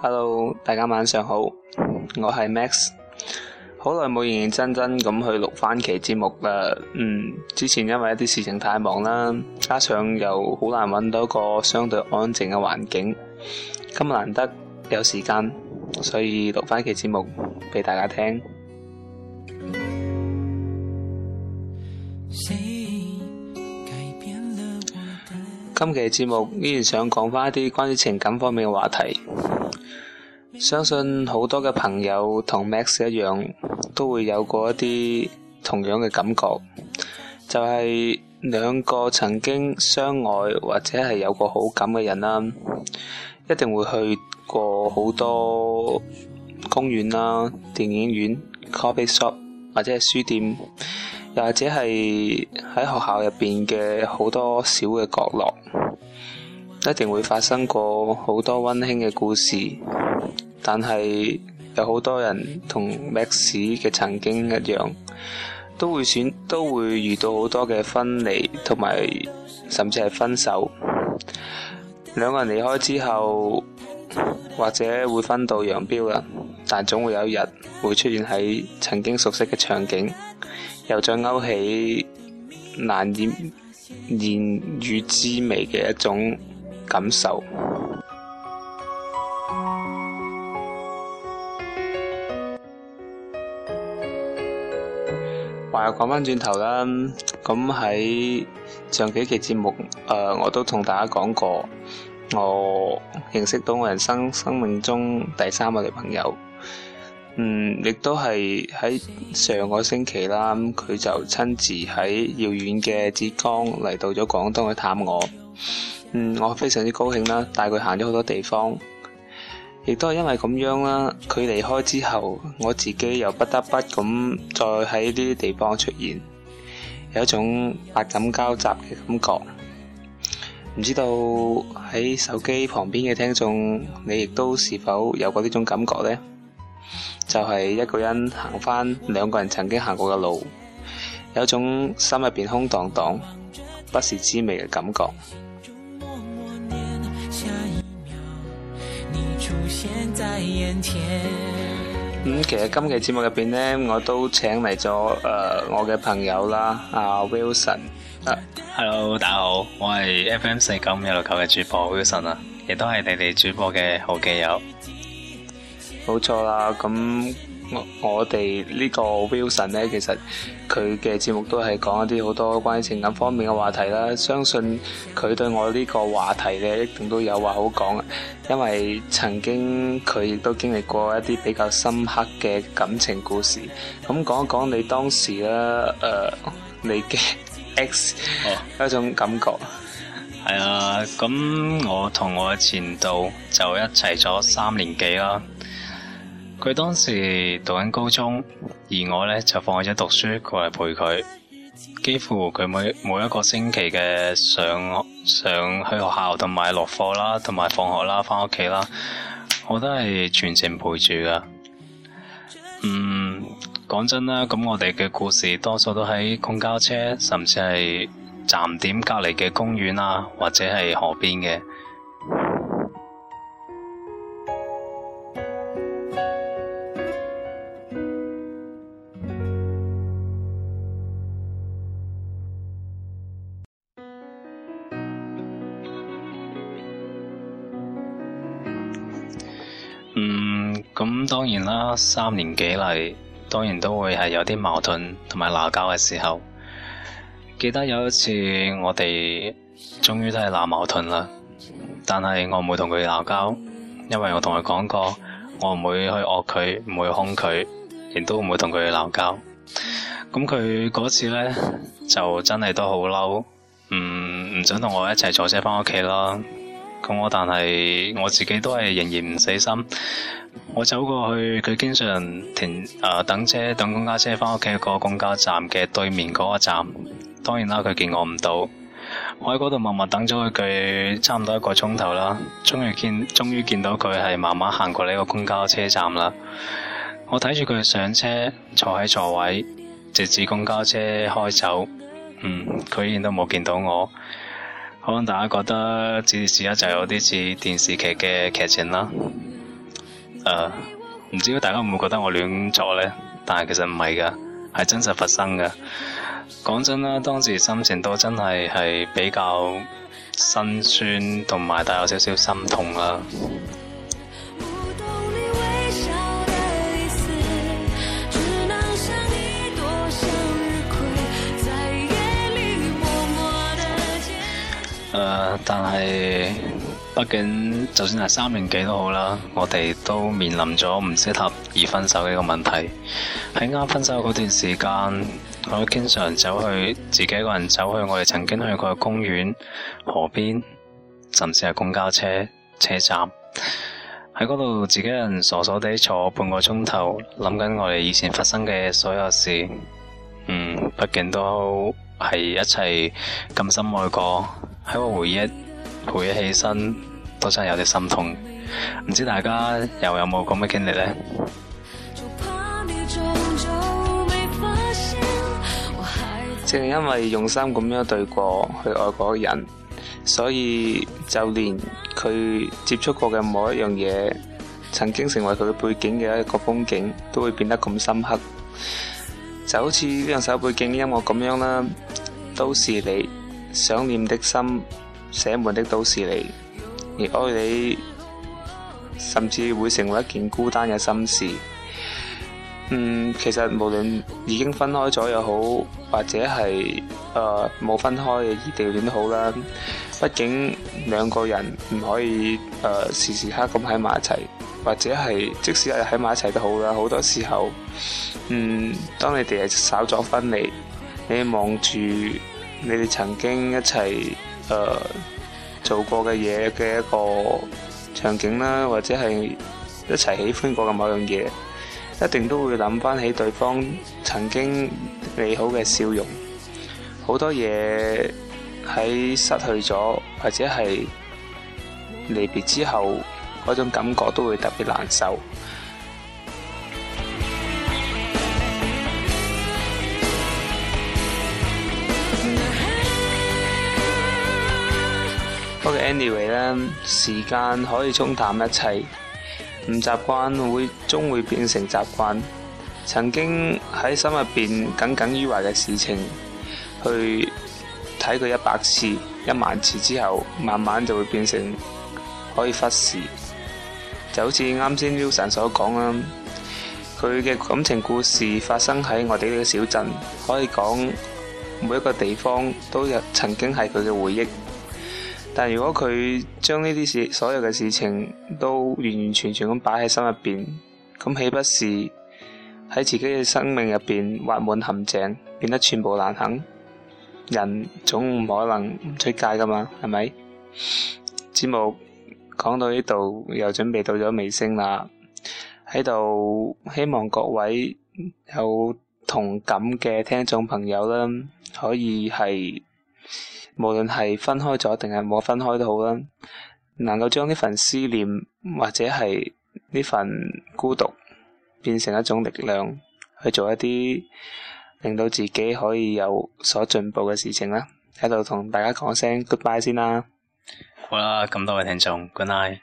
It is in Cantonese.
Hello，大家晚上好，我係 Max，好耐冇認認真真咁去錄返期節目啦。嗯，之前因為一啲事情太忙啦，加上又好難揾到一個相對安靜嘅環境，今日難得有時間，所以錄返期節目俾大家聽。今期節目依然想講翻一啲關於情感方面嘅話題，相信好多嘅朋友同 Max 一樣，都會有過一啲同樣嘅感覺，就係、是、兩個曾經相愛或者係有過好感嘅人啦，一定會去過好多公園啦、電影院、coffee shop 或者係書店。又或者係喺學校入邊嘅好多小嘅角落，一定會發生過好多溫馨嘅故事。但係有好多人同 Max 嘅曾經一樣，都會選都會遇到好多嘅分離，同埋甚至係分手。兩個人離開之後。或者會分道揚鑣啦，但總會有一日會出現喺曾經熟悉嘅場景，又再勾起難以言語滋味嘅一種感受。話又講返轉頭啦，咁 喺樂上幾期節目，誒、呃，我都同大家講過。我認識到我人生生命中第三個女朋友，嗯，亦都係喺上個星期啦，佢就親自喺遙遠嘅浙江嚟到咗廣東去探我，嗯，我非常之高興啦，帶佢行咗好多地方，亦都係因為咁樣啦，佢離開之後，我自己又不得不咁再喺呢啲地方出現，有一種百感交集嘅感覺。唔知道喺手機旁邊嘅聽眾，你亦都是否有過呢種感覺呢？就係、是、一個人行翻兩個人曾經行過嘅路，有種心入邊空蕩蕩、不是滋味嘅感覺。咁、嗯、其實今期節目入邊呢，我都請嚟咗誒我嘅朋友啦，阿、啊、Wilson、啊。hello，大家好，我係 FM 四九五一六九嘅主播 Wilson 啊，亦都係你哋主播嘅好基友，冇錯啦。咁我我哋呢個 Wilson 咧，其實佢嘅節目都係講一啲好多關於情感方面嘅話題啦。相信佢對我呢個話題咧，一定都有話好講，因為曾經佢亦都經歷過一啲比較深刻嘅感情故事。咁講一講你當時咧，誒、呃，你嘅。 X Ex ,嗰、oh. 種感覺，係啊 Yeah, that,，咁 我同我前度就一齊咗三年幾啦。佢當時讀緊高中，而我呢就放棄咗讀書過嚟陪佢。幾乎佢每每一個星期嘅上上去學校同埋落課啦，同埋放學啦，返屋企啦，我都係全程陪住㗎。嗯。講真啦，咁我哋嘅故事多數都喺公交車，甚至係站點隔籬嘅公園啊，或者係河邊嘅。嗯，咁當然啦，三年幾嚟。當然都會係有啲矛盾同埋鬧交嘅時候，記得有一次我哋終於都係鬧矛盾啦，但係我唔會同佢鬧交，因為我同佢講過我唔會去惡佢，唔會兇佢，亦都唔會同佢鬧交。咁佢嗰次咧就真係都好嬲，唔、嗯、唔想同我一齊坐車翻屋企啦。咁我但係我自己都係仍然唔死心，我走過去，佢經常停誒、呃、等車，等公交車翻屋企個公交站嘅對面嗰個站。當然啦，佢見我唔到，我喺嗰度默默等咗佢差唔多一個鐘頭啦。終於見，終於見到佢係慢慢行過呢個公交車站啦。我睇住佢上車，坐喺座位，直至公交車開走。嗯，佢依然都冇見到我。可能大家覺得此時此刻就有啲似電視劇嘅劇情啦。誒，唔知道大家會唔會覺得我亂咗咧？但係其實唔係嘅，係真實發生嘅。講真啦，當時心情都真係係比較辛酸同埋帶有少少心痛啦、啊。但係畢竟，就算係三年幾都好啦，我哋都面臨咗唔適合而分手嘅一個問題。喺啱分手嗰段時間，我都經常走去自己一個人走去我哋曾經去過嘅公園、河邊，甚至係公交車車站，喺嗰度自己人傻傻地坐半個鐘頭，諗緊我哋以前發生嘅所有事。嗯，畢竟都係一齊咁深愛過。喺我回憶回憶起身，都真係有啲心痛。唔知大家又有冇咁嘅經歷呢？正因為用心咁樣對過去愛過嘅人，所以就連佢接觸過嘅某一樣嘢，曾經成為佢背景嘅一個風景，都會變得咁深刻。就好似呢首背景音樂咁樣啦，都是你。想念的心，寫滿的都是你，而愛你甚至會成為一件孤單嘅心事。嗯，其實無論已經分開咗又好，或者係誒冇分開嘅異地戀都好啦。畢竟兩個人唔可以誒、呃、時時刻咁喺埋一齊，或者係即使係喺埋一齊都好啦。好多時候，嗯，當你哋係稍作分離，你望住。你哋曾經一齊誒、呃、做過嘅嘢嘅一個場景啦，或者係一齊喜歡過嘅某樣嘢，一定都會諗返起對方曾經美好嘅笑容。好多嘢喺失去咗，或者係離別之後，嗰種感覺都會特別難受。Anyway 咧，時間可以沖淡一切，唔習慣會終會變成習慣。曾經喺心入邊耿耿於懷嘅事情，去睇佢一百次、一萬次之後，慢慢就會變成可以忽視。就好似啱先 Uson 所講啊，佢嘅感情故事發生喺我哋呢個小鎮，可以講每一個地方都有曾經係佢嘅回憶。但如果佢將呢啲事，所有嘅事情都完完全全咁擺喺心入邊，咁豈不是喺自己嘅生命入邊挖滿陷阱，變得全部難行？人總唔可能唔出街噶嘛，係咪？節目講到呢度，又準備到咗尾聲啦，喺度希望各位有同感嘅聽眾朋友啦，可以係。無論係分開咗定係冇分開都好啦，能夠將呢份思念或者係呢份孤獨變成一種力量，去做一啲令到自己可以有所進步嘅事情啦。喺度同大家講聲 goodbye 先啦。好啦，咁多位聽眾，good night，拜拜。